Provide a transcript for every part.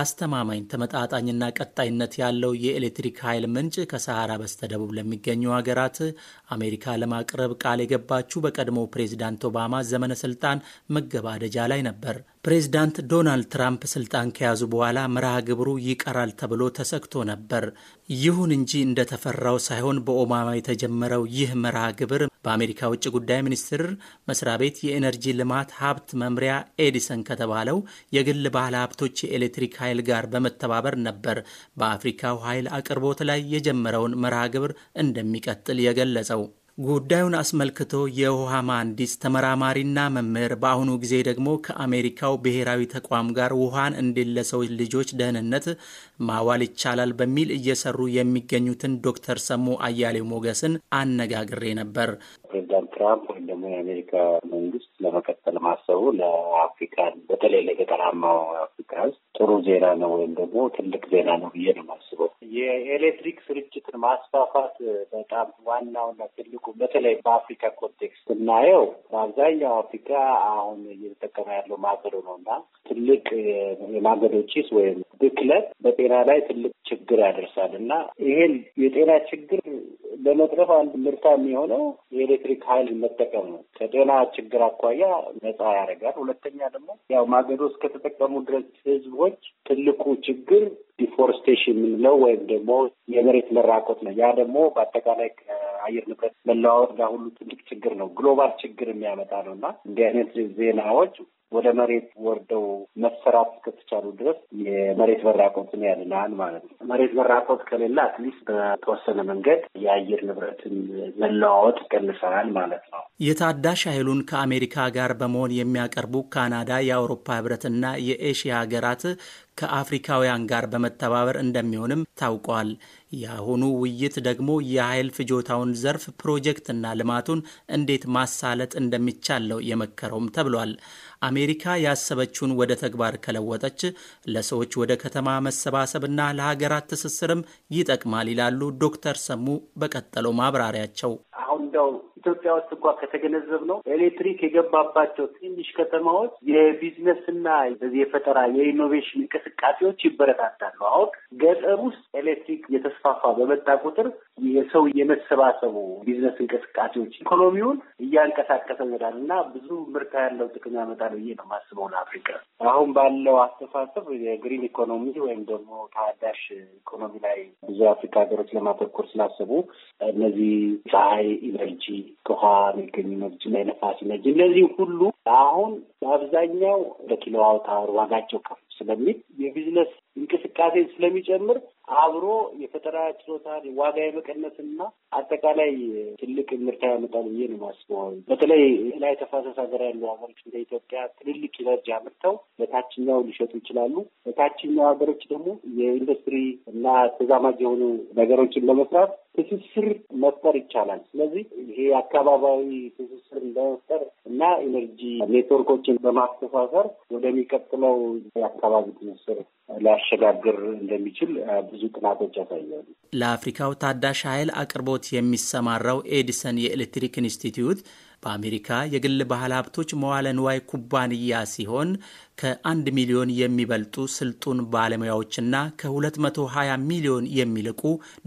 አስተማማኝ ተመጣጣኝና ቀጣይነት ያለው የኤሌክትሪክ ኃይል ምንጭ ከሰሃራ በስተደቡብ ለሚገኙ ሀገራት አሜሪካ ለማቅረብ ቃል የገባችው በቀድሞው ፕሬዚዳንት ኦባማ ዘመነ ስልጣን መገባደጃ ላይ ነበር። ፕሬዚዳንት ዶናልድ ትራምፕ ስልጣን ከያዙ በኋላ መርሃ ግብሩ ይቀራል ተብሎ ተሰግቶ ነበር። ይሁን እንጂ እንደተፈራው ሳይሆን በኦባማ የተጀመረው ይህ መርሃ ግብር በአሜሪካ ውጭ ጉዳይ ሚኒስቴር መስሪያ ቤት የኤነርጂ ልማት ሀብት መምሪያ ኤዲሰን ከተባለው የግል ባለ ሀብቶች የኤሌክትሪክ ኃይል ጋር በመተባበር ነበር በአፍሪካው ኃይል አቅርቦት ላይ የጀመረውን መርሃ ግብር እንደሚቀጥል የገለጸው። ጉዳዩን አስመልክቶ የውሃ መሐንዲስ ተመራማሪና መምህር በአሁኑ ጊዜ ደግሞ ከአሜሪካው ብሔራዊ ተቋም ጋር ውሃን እንዴት ለሰው ልጆች ደህንነት ማዋል ይቻላል በሚል እየሰሩ የሚገኙትን ዶክተር ሰሙ አያሌው ሞገስን አነጋግሬ ነበር። ፕሬዚዳንት ትራምፕ ወይም ደግሞ የአሜሪካ መንግስት ለመቀጠል ማሰቡ ለአፍሪካን በተለይ ለገጠራማው አፍሪካ ውስጥ ጥሩ ዜና ነው ወይም ደግሞ ትልቅ ዜና ነው ብዬ ነው የማስበው። የኤሌክትሪክ ስርጭትን ማስፋፋት በጣም ዋናውና ትልቁ በተለይ በአፍሪካ ኮንቴክስት ስናየው በአብዛኛው አፍሪካ አሁን እየተጠቀመ ያለው ማገዶ ነው እና ትልቅ የማገዶ ጭስ ወይም ብክለት በጤና ላይ ትልቅ ችግር ያደርሳል እና ይሄን የጤና ችግር ለመቅረፍ አንድ ምርታ የሚሆነው የኤሌክትሪክ ኃይል መጠቀም ነው ከጤና ችግር አኳ አኳያ ነጻ ያደርጋል። ሁለተኛ ደግሞ ያው ማገዶ እስከተጠቀሙ ድረስ ህዝቦች ትልቁ ችግር ዲፎርስቴሽን የምንለው ወይም ደግሞ የመሬት መራቆት ነው። ያ ደግሞ በአጠቃላይ ከአየር ንብረት መለዋወጥ ጋር ሁሉ ትልቅ ችግር ነው፣ ግሎባል ችግር የሚያመጣ ነው እና እንዲህ አይነት ዜናዎች ወደ መሬት ወርደው መሰራት እስከተቻሉ ድረስ የመሬት በራቆትን ያለናል ማለት ነው። መሬት በራቆት ከሌለ አትሊስት በተወሰነ መንገድ የአየር ንብረትን መለዋወጥ ይቀንሰናል ማለት ነው። የታዳሽ ኃይሉን ከአሜሪካ ጋር በመሆን የሚያቀርቡ ካናዳ፣ የአውሮፓ ህብረትና የኤሽያ ሀገራት ከአፍሪካውያን ጋር በመተባበር እንደሚሆንም ታውቋል። የአሁኑ ውይይት ደግሞ የኃይል ፍጆታውን ዘርፍ ፕሮጀክትና ልማቱን እንዴት ማሳለጥ እንደሚቻል ነው የመከረውም ተብሏል። አሜሪካ ያሰበችውን ወደ ተግባር ከለወጠች ለሰዎች ወደ ከተማ መሰባሰብና ለሀገራት ትስስርም ይጠቅማል ይላሉ ዶክተር ሰሙ በቀጠለው ማብራሪያቸው። አሁን እንደው ኢትዮጵያ ውስጥ እንኳ ከተገነዘብ ነው ኤሌክትሪክ የገባባቸው ትንሽ ከተማዎች የቢዝነስና በዚህ የፈጠራ የኢኖቬሽን እንቅስቃሴዎች ይበረታታሉ። አሁን ገጠር ውስጥ ኤሌክትሪክ የተስፋፋ በመጣ ቁጥር የሰው የመሰባሰቡ ቢዝነስ እንቅስቃሴዎች ኢኮኖሚውን እያንቀሳቀሰ ይሄዳል እና ብዙ ምርታ ያለው ጥቅም ያመጣል ብዬ ነው የማስበው ለአፍሪካ። አሁን ባለው አስተሳሰብ የግሪን ኢኮኖሚ ወይም ደግሞ ታዳሽ ኢኮኖሚ ላይ ብዙ አፍሪካ ሀገሮች ለማተኮር ስላሰቡ እነዚህ ፀሐይ ኢነርጂ ከውሃ የሚገኙ ኤነርጂ ላይ ነፋስ ኤነርጂ እነዚህ ሁሉ አሁን በአብዛኛው በኪሎ አውታር ዋጋቸው ከፍ ስለሚል የቢዝነስ እንቅስቃሴ ስለሚጨምር አብሮ የፈጠራ ችሎታ ዋጋ የመቀነስና አጠቃላይ ትልቅ ምርታ ያመጣል ብዬ ነው የማስበው። በተለይ ላይ ተፋሰስ ሀገር ያሉ ሀገሮች እንደ ኢትዮጵያ ትልልቅ ኢነርጂ አምርተው ለታችኛው ሊሸጡ ይችላሉ። ለታችኛው ሀገሮች ደግሞ የኢንዱስትሪ እና ተዛማጅ የሆኑ ነገሮችን ለመስራት ትስስር መፍጠር ይቻላል። ስለዚህ ይሄ አካባቢያዊ ትስስር ለመፍጠር እና ኢነርጂ ኔትወርኮችን በማስተሳሰር ወደሚቀጥለው የአካባቢ ትስስር ሊያሸጋግር እንደሚችል ብዙ ጥናቶች ያሳያሉ። ለአፍሪካው ታዳሽ ኃይል አቅርቦት የሚሰማራው ኤዲሰን የኤሌክትሪክ ኢንስቲትዩት በአሜሪካ የግል ባህል ሀብቶች መዋለ ንዋይ ኩባንያ ሲሆን ከአንድ ሚሊዮን የሚበልጡ ስልጡን ባለሙያዎችና ከ220 ሚሊዮን የሚልቁ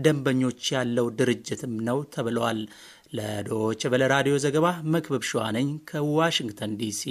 ደንበኞች ያለው ድርጅትም ነው ተብለዋል። ለዶች በለ ራዲዮ ዘገባ መክበብ ሸዋነኝ ከዋሽንግተን ዲሲ